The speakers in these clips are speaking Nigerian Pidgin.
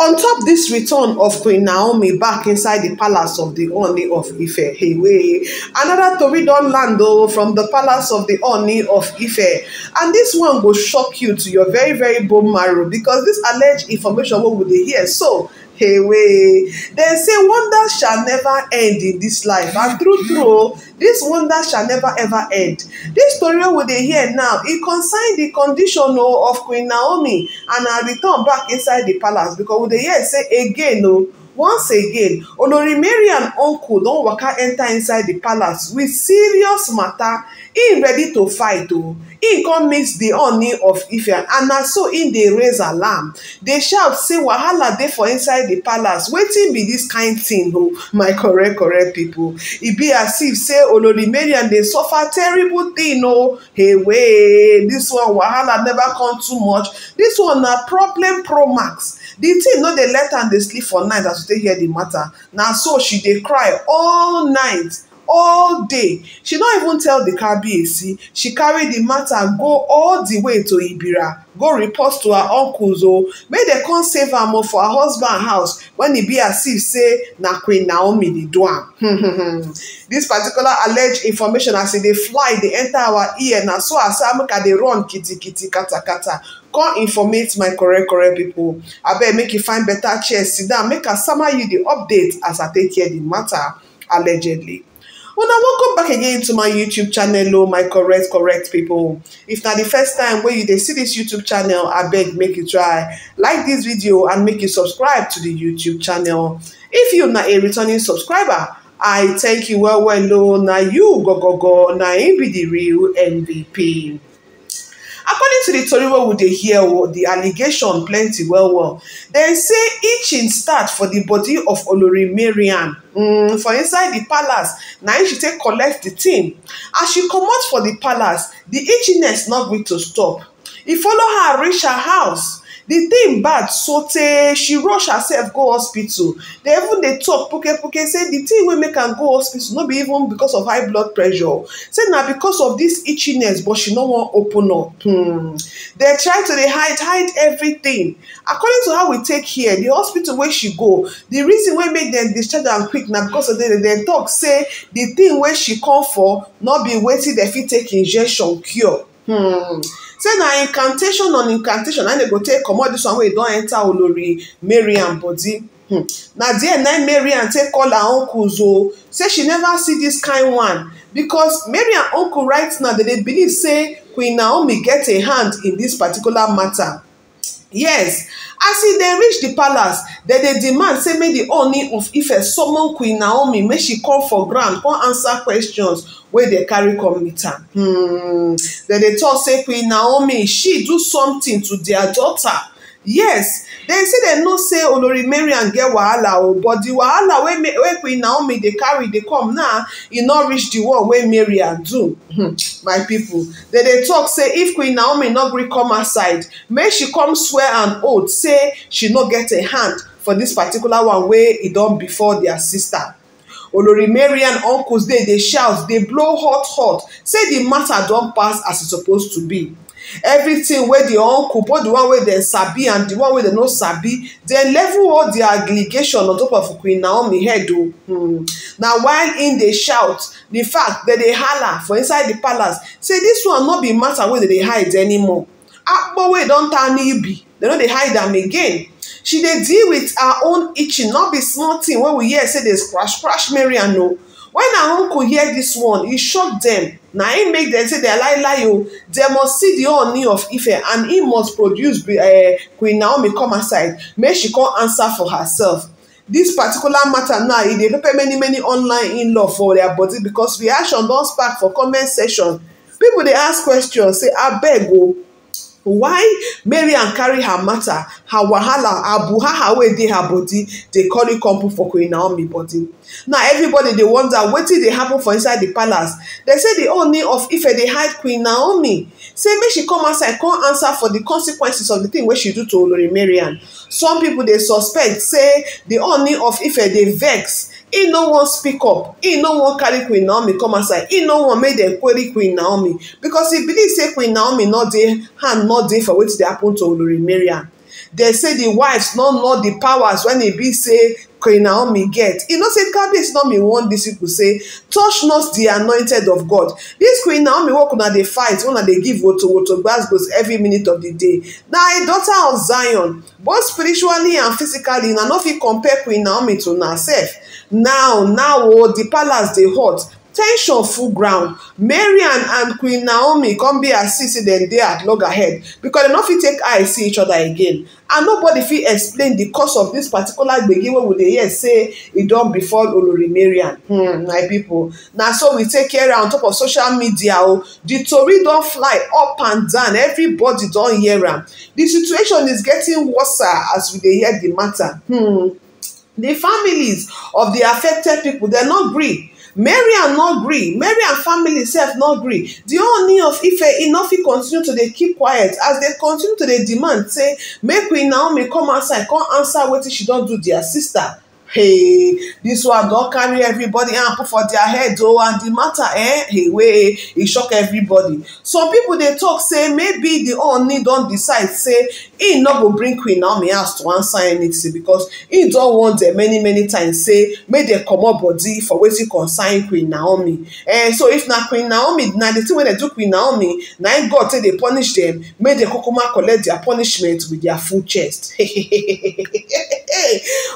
On top this return of Queen Naomi back inside the palace of the Oni of Ife, Hewe, another tori don land oh from the palace of the Oni of Ife. And this one will shock you to your very, very bone marrow because this alleged information what would they hear so away. They say wonder shall never end in this life. And through through this wonder shall never ever end. This story we they hear now, it e concern the condition o oh, of Queen Naomi and her return back inside the palace because we dey hear say again o. Oh, once again olori mariam uncle don't walk out enter inside the palace with serious matter. im ready to fight o oh. He come meet the honey of ife and as so in they raise alarm they shout say wahala dey for inside the palace waiting be this kind thing, o oh, my correct correct people." It e be as if say olori mariam dey suffer terrible thing, o oh. hey way." This one wahala never come too much This one a problem pro max The thing no they let and they sleep for night as you take hear the matter Now so she they cry all night all day she no even tell di kabiyesi she carry the matter go all the way to ibira go report to her uncles o oh. may they come save her more oh, for her husband house When e be as if say na queen naomi dey do This particular alleged information as they e fly they enter our ear na so as amika they run kata kata. come informate my correct correct people. I abeg make you find better chair sit down make a sama you di update as i take care the matter allegedly Well, now welcome back again to my youtube channel o oh, my correct correct people. if na the first time wey you they see this youtube channel I beg make you try like this video and make you subscribe to the youtube channel if you're not a returning subscriber i thank you well well o oh, Now you go go go Now im be the real mvp according to the tori wey we dey hear the allegation plenty well well dem say itching start for the body of olorimarian mm, for inside the palace na im she take collect the tin as she comot for the palace The itchiness no gree to stop e follow her reach her house The thing bad sotey she rush herself go hospital They even dey talk, puke puke say the thing wey make am go hospital no be even because of high blood pressure say na because of this itchiness but she no wan open up hmm They try to dey hide hide everything according to how we take hear the hospital wey she go the reason wey make dem discharge am quick na because of dem talk say the thing wey she come for no be wetin dem fit take injection cure hmm say na incantation on incantation na dem go take comot dis one wey e don enter olori mariam body hmm na there na mariam take call her uncles o say she never see dis kind one because mariam uncle right now dem dey believe say queen naomi get a hand in dis particular matter yes as e dey reach di palace dem dey demand say make di oni of ife summon queen naomi make she come for ground come answer questions wey dey carry come meet am hmm dem dey tok say queen naomi she do something to dia daughter yes dem say dem know say olori mariam get wahala o but di wahala wey queen naomi dey carry dey come now e no reach di one wey mariam do hmm, my pipo dem dey talk say if queen naomi no gree come her side make she come swear an oath say she no get a hand for dis particular one wey e don before dia sister olori mariam uncles dey dey shout dey blow hot hot say di matter don pass as e suppose to be everything wey the uncle both the one wey dem sabi and the one wey dem no sabi dem level all the allegation on top of queen naomi head o oh, hmm na while im dey shout di fact dem dey hala for inside the palace say this one no be matter wey dem dey hide anymore akpo wey don turn ibi dem no dey hide am again she dey deal with her own itching not be small thing wey we hear say dey scratch scratch mary and o oh. When her uncle hear this one e shock dem na im make dem say dia lie lie o oh. dem must see di honey of ife and im must produce eh, queen naomi come aside make she come answer for herself This particular matter now e dey pepper many many online in law for their body becos reaction don spark for comment section pipo dey ask questions say abeg o oh, why mariam carry her matter her wahala her buhaha wey dey her body dey it comple for queen naomi body now everybody dey wonder wetin dey happen for inside the palace They say the only of ife dey hide queen naomi say make she come outside come answer for the consequences of the thing wey she do to olori mariam some people dey suspect say the only of ife dey vex He no wan speak up He no wan carry queen naomi come outside he no wan make dem query queen naomi because he believe say queen naomi no dey hand no dey for wetin dey happen to olori mariam dem say the wives no know the powers when e be say queen naomi get e know say cabbage no mean one disciple say touch not the anointed of god This queen naomi work una dey fight una dey give woto woto gbasgbos every minute of the day na a daughter of zion both spiritually and physically na no fit compare queen naomi to herself now now o oh, the palace dey hot ten sion full ground marian and queen naomi come be as see say dem dey at loggerhead because dem no fit take eye see each other again and nobody fit explain the cause of this particular gbege wey we dey hear say e don befall olori marian hmm my people. na so we take care on top of social media o di tori don fly up and down everybody don hear am The situation is getting worse as we dey hear the matter hmm di families of the affected people dem no gree Mary marian no gree and family sef no gree di only of ife e no fit continue to dey keep quiet as dey continue to dey demand say make queen naomi come outside come answer wetin she don do dia sister hey this one don carry everybody and put for their head Though and the matter eh hey wey e shock everybody some people they talk say maybe the only don't decide say he not go bring queen naomi house to answer anything because he don't want them many many times say may they come up body for wetin consign queen naomi eh so if not queen naomi now the thing when they do queen naomi now im god say they punish dem make dem kukuma collect their punishment with their full chest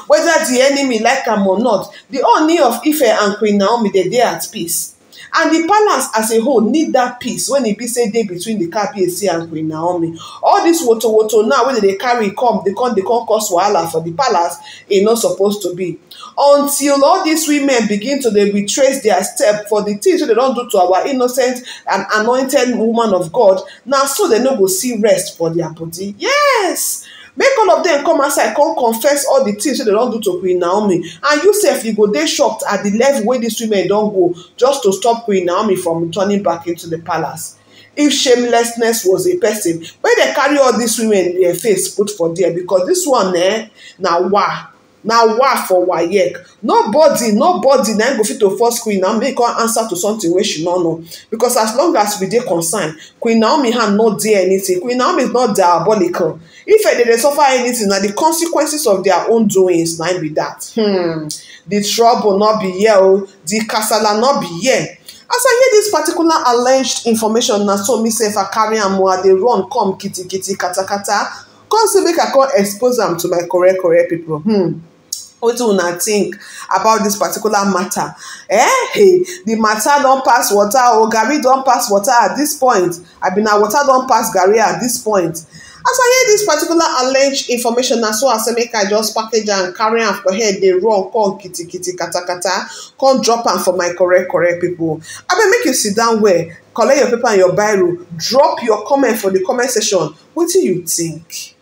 whether the enemy me like am or not di honey of ife and queen naomi dey dey at peace and the palace as a whole need that peace wen e be say dey between di kpc and queen naomi all this woto woto now wey dey carry come dey come dey come cause wahala for the palace e no suppose to be until all these women begin to dey retrace their step for the things wey dem don do to our innocent and anointed woman of god na so dem no go see rest for their body yes make all of dem come outside come confess all the things wey dem don do to queen naomi and you sef you go dey shocked at the level wey these women don go just to stop Queen Naomi from turning back into the palace. If shamelessness was a person, where they carry all these women, their face put for there because this one, eh, now wah, now wa for wayek nobody nobody na go fit to force queen naomi make answer to something wey she no know because as long as we dey concerned queen naomi had no dey anything queen naomi is not diabolical if they dey suffer anything na the consequences of their own doings na be that hmm the trouble not be here Oh, the castle not be here as i hear dis particular alleged information na so me sef i carry am o i dey run come kitikiti katakata come say make i come expose am to my correct correct people. hmm wetin una think about dis particular matter eh hey the matter don pass water o oh, garri don pass water at dis point i bin na water don pass garri at dis point As I hear this particular alleged information na so asemeka just package am carry am for head dey run come kitikiti katakata come drop am for my correct correct pipo abeg make you sit down well collect your paper and your biro drop your comment for the comment section wetin you think